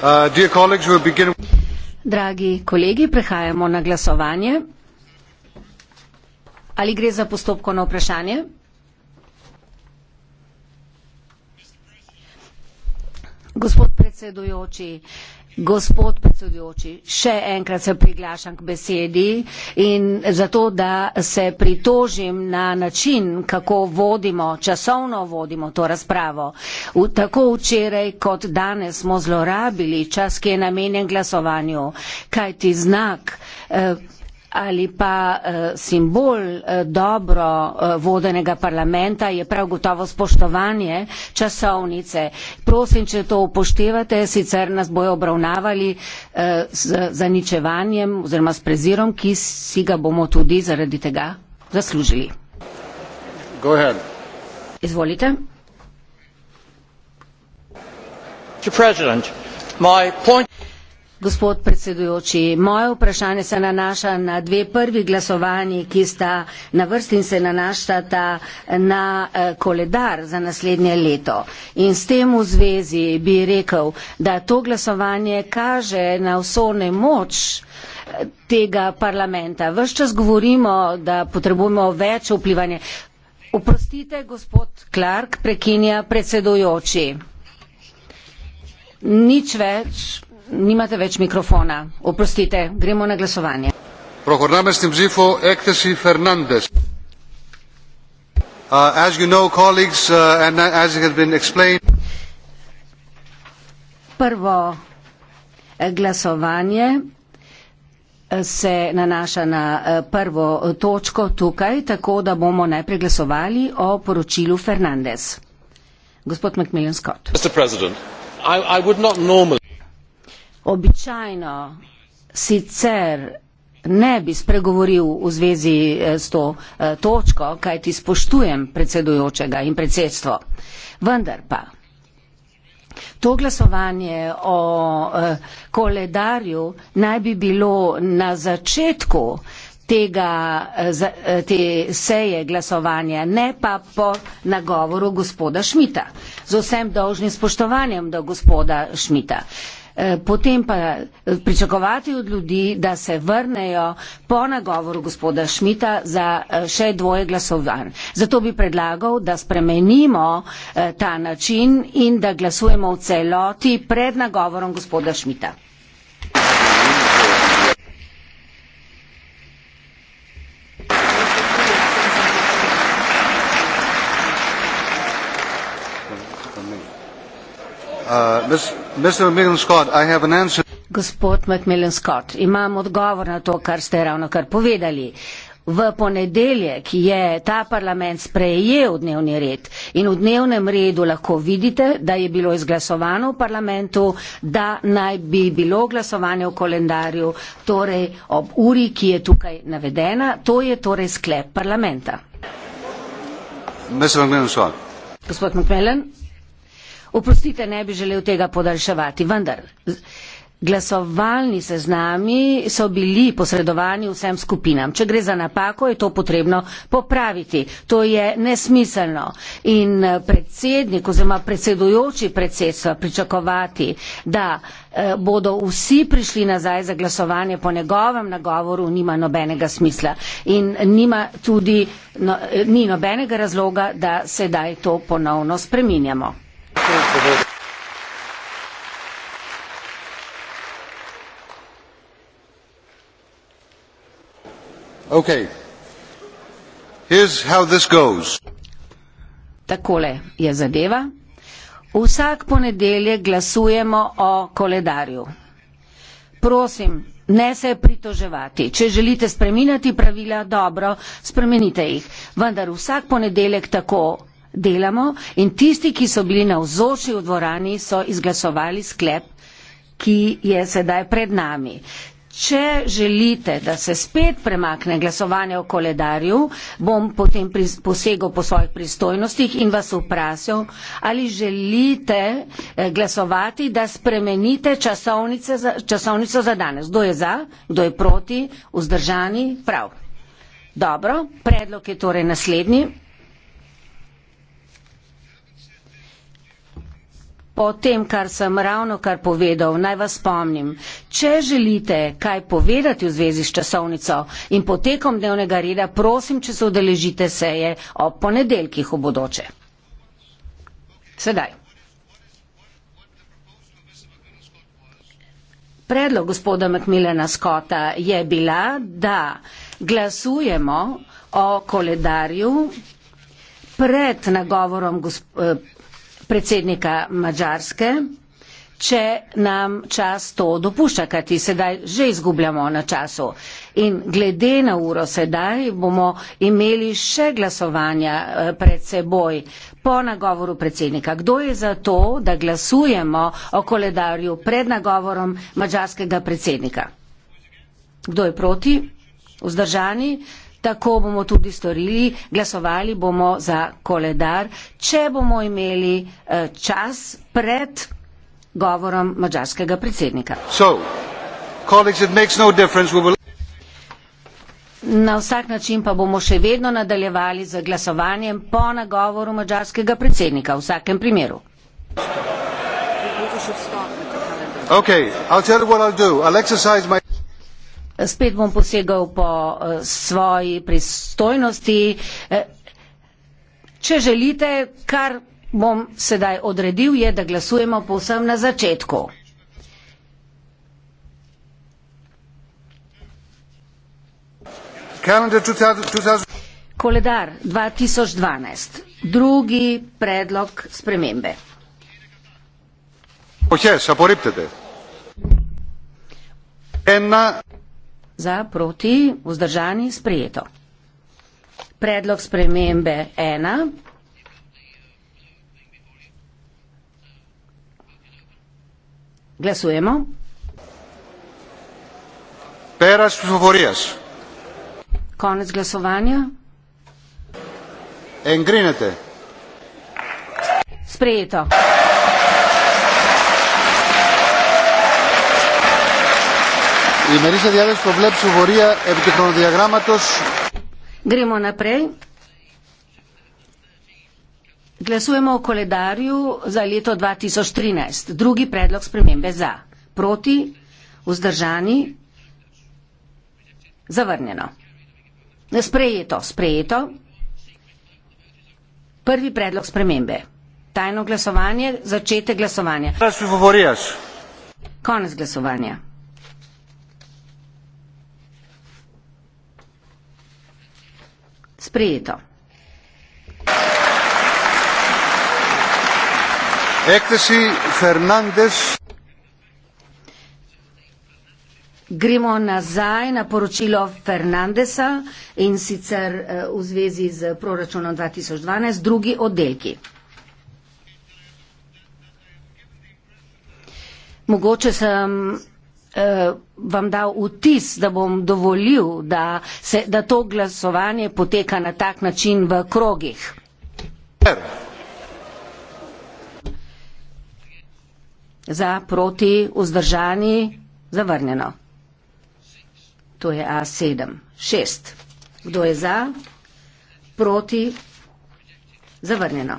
Uh, Dragi kolegi, prehajamo na glasovanje. Ali gre za postopko na vprašanje? Gospod predsedujoči, Gospod predsedujoči, še enkrat se priglašam k besedi in zato, da se pritožim na način, kako vodimo, časovno vodimo to razpravo. V, tako včeraj kot danes smo zlorabili čas, ki je namenjen glasovanju, kajti znak. Eh, ali pa eh, simbol eh, dobro eh, vodenega parlamenta je prav gotovo spoštovanje časovnice. Prosim, če to upoštevate, sicer nas bojo obravnavali z zaničevanjem oziroma s prezirom, ki si ga bomo tudi zaradi tega zaslužili. Go ahead. Izvolite. Mr. President, my point Gospod predsedujoči, moje vprašanje se nanaša na dve prvi glasovanji, ki sta na vrsti in se nanašata na eh, koledar za naslednje leto. In s tem v zvezi bi rekel, da to glasovanje kaže na vso nemoč eh, tega parlamenta. Ves čas govorimo, da potrebujemo več vplivanja. Oprostite, gospod Clark, prekinja predsedujoči. Nič več. Nimate več mikrofona. Oprostite, gremo na glasovanje. Prohornamo s tem zifo Ekteci Fernandez. Uh, as you know, colleagues, uh, and as it has been explained. Prvo eh, glasovanje eh, se nanaša na eh, prvo točko tukaj, tako da bomo najprej glasovali o poročilu Fernandez. Gospod McMillan Scott običajno sicer ne bi spregovoril v zvezi eh, s to eh, točko, kaj ti spoštujem predsedujočega in predsedstvo. Vendar pa to glasovanje o eh, koledarju naj bi bilo na začetku tega, te seje glasovanja, ne pa po nagovoru gospoda Šmita z vsem dolžnim spoštovanjem do gospoda Šmita. E, potem pa e, pričakovati od ljudi, da se vrnejo po nagovoru gospoda Šmita za e, še dvoje glasovanj. Zato bi predlagal, da spremenimo ta način in da glasujemo v celoti pred nagovorom gospoda Šmita. Gospod McMillan Scott, imam odgovor na to, kar ste ravno kar povedali. V ponedeljek je ta parlament sprejel dnevni red in v dnevnem redu lahko vidite, da je bilo izglasovano v parlamentu, da naj bi bilo glasovanje v kolendarju, torej ob uri, ki je tukaj navedena. To je torej sklep parlamenta. Gospod McMillan. Oprostite, ne bi želel tega podaljševati, vendar glasovalni seznami so bili posredovani vsem skupinam. Če gre za napako, je to potrebno popraviti. To je nesmiselno. In eh, predsednik oziroma predsedujoči predsedstva pričakovati, da eh, bodo vsi prišli nazaj za glasovanje po njegovem nagovoru, nima nobenega smisla. In nima tudi, no, eh, ni nobenega razloga, da sedaj to ponovno spreminjamo. Okay. Here's how this goes. Takole je zadeva. Vsak ponedeljek glasujemo o koledarju. Prosim, ne se pritoževati. Če želite spreminjati pravila, dobro, spremenite jih. Vendar vsak ponedeljek tako delamo in tisti, ki so bili navzoči v dvorani, so izglasovali sklep, ki je sedaj pred nami. Če želite, da se spet premakne glasovanje o koledarju, bom potem posegel po svojih pristojnostih in vas vprašal, ali želite eh, glasovati, da spremenite časovnice za, časovnico za danes. Kdo je za, kdo je proti, vzdržani, prav. Dobro, predlog je torej naslednji. O tem, kar sem ravno kar povedal, naj vas spomnim. Če želite kaj povedati v zvezi s časovnico in potekom dnevnega reda, prosim, če se odeležite seje o ponedeljkih v bodoče. Sedaj. Predlog gospoda Macmillana Scotta je bila, da glasujemo o koledarju pred nagovorom gospoda. Eh, predsednika Mačarske, če nam čas to dopušča, kajti sedaj že izgubljamo na času. In glede na uro sedaj bomo imeli še glasovanja eh, pred seboj po nagovoru predsednika. Kdo je za to, da glasujemo o koledarju pred nagovorom mačarskega predsednika? Kdo je proti? Vzdržani? Tako bomo tudi storili, glasovali bomo za koledar, če bomo imeli eh, čas pred govorom mađarskega predsednika. So, no Na vsak način pa bomo še vedno nadaljevali z glasovanjem po nagovoru mađarskega predsednika, v vsakem primeru. Okay, spet bom posegal po eh, svoji pristojnosti. Eh, če želite, kar bom sedaj odredil, je, da glasujemo povsem na začetku. Koledar 2012. Drugi predlog spremembe. Oh yes, za, proti, vzdržani, sprejeto. Predlog spremembe ena. Glasujemo. Peraš favorijas. Konec glasovanja. Engrinete. Sprejeto. Η Μερίσα Διάβες προβλέψει βορεία επί του χρονοδιαγράμματος. Γκρίμο να πρέει. Glasujemo o koledarju za leto 2013. Drugi predlog spremembe za. Proti, vzdržani, zavrnjeno. Sprejeto, sprejeto. Prvi predlog spremembe. Tajno glasovanje, začete glasovanje. Konec glasovanja. sprejeto. Ekteci Fernandez. Gremo nazaj na poročilo Fernandesa in sicer eh, v zvezi z proračunom 2012, drugi oddelki. Mogoče sem uh, vam dal vtis, da bom dovolil, da, se, da to glasovanje poteka na tak način v krogih. Za, proti, vzdržani, zavrnjeno. To je A7. Šest. Kdo je za, proti, zavrnjeno.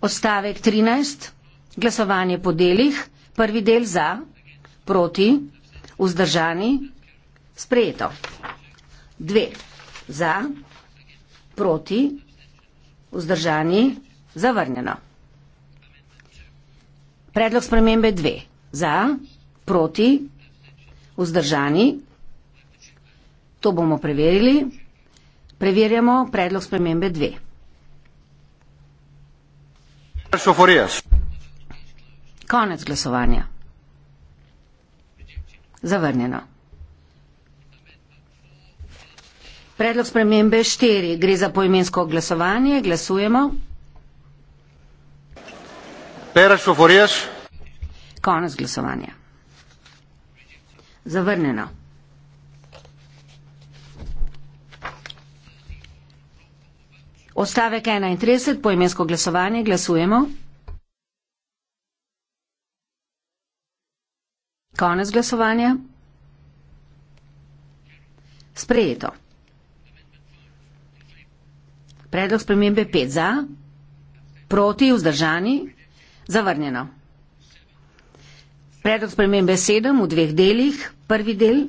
Ostavek 13. Glasovanje po delih. Prvi del za, proti, vzdržani, sprejeto. Dve za, proti, vzdržani, zavrnjeno. Predlog spremembe dve za, proti, vzdržani. To bomo preverili. Preverjamo predlog spremembe dve. Konec glasovanja. Zavrnjeno. Predlog spremembe štiri gre za poimensko glasovanje. Glasujemo. Pereš, foforiješ. Konec glasovanja. Zavrnjeno. Ostavek 31, poimensko glasovanje, glasujemo. Konec glasovanja. Sprejeto. Predlog spremembe 5 za, proti, vzdržani, zavrnjeno. Predlog spremembe 7 v dveh delih, prvi del.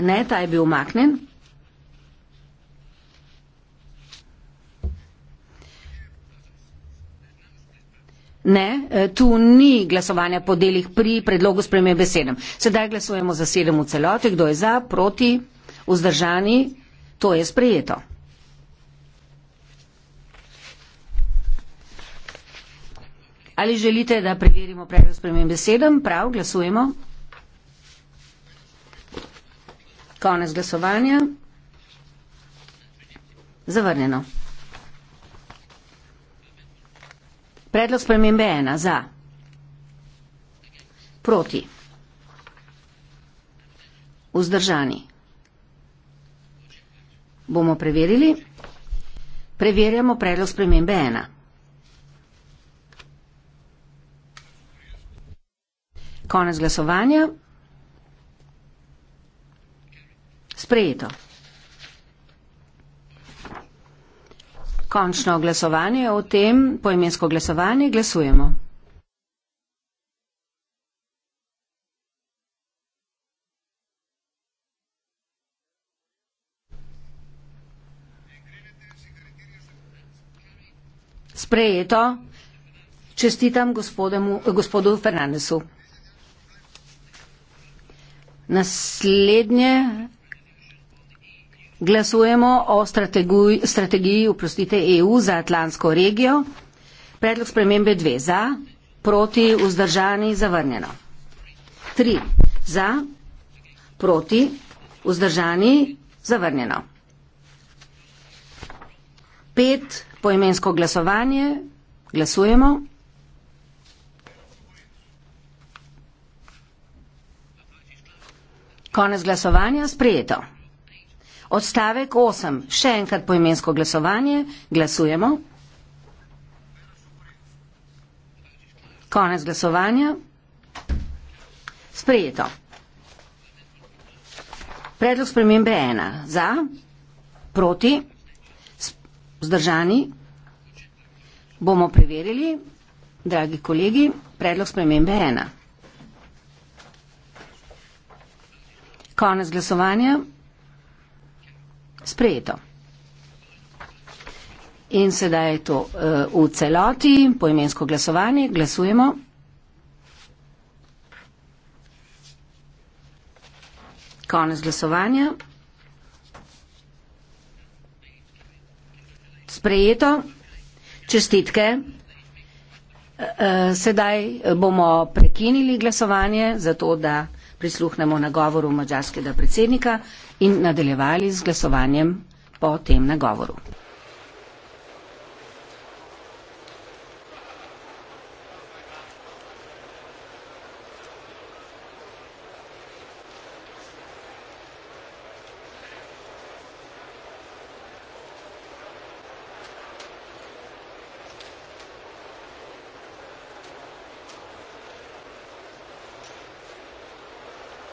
Ne, ta je bil umaknen. Ne, e, tu ni glasovanja po delih pri predlogu spremembe sedem. Sedaj glasujemo za sedem v celoti, kdo je za, proti, vzdržani, to je sprejeto. Ali želite, da preverimo predlog spremembe sedem? Prav, glasujemo. Konec glasovanja. Zavrnjeno. Predlog spremembe ena za. Proti. Vzdržani. Bomo preverili. Preverjamo predlog spremembe ena. Konec glasovanja. Sprejeto. Končno glasovanje o tem, poimensko glasovanje, glasujemo. Sprejeto. Čestitam gospodemu, gospodu Fernandesu. Naslednje Glasujemo o strategiji, strategiji uprostite, EU za Atlantsko regijo. Predlog spremembe dve za, proti, vzdržani, zavrnjeno. Tri za, proti, vzdržani, zavrnjeno. Pet poimensko glasovanje. Glasujemo. Konec glasovanja, sprejeto. Odstavek 8. Še enkrat poimensko glasovanje. Glasujemo. Konec glasovanja. Sprejeto. Predlog spremembe 1. Za, proti, zdržani. Bomo preverili, dragi kolegi, predlog spremembe 1. Konec glasovanja sprejeto. In sedaj je to eh, v celoti poimensko glasovanje. Glasujemo. Konec glasovanja. Sprejeto. Čestitke. Eh, eh, sedaj bomo prekinili glasovanje, zato da prisluhnemo nagovoru madžarskega predsednika in nadaljevali z glasovanjem po tem nagovoru.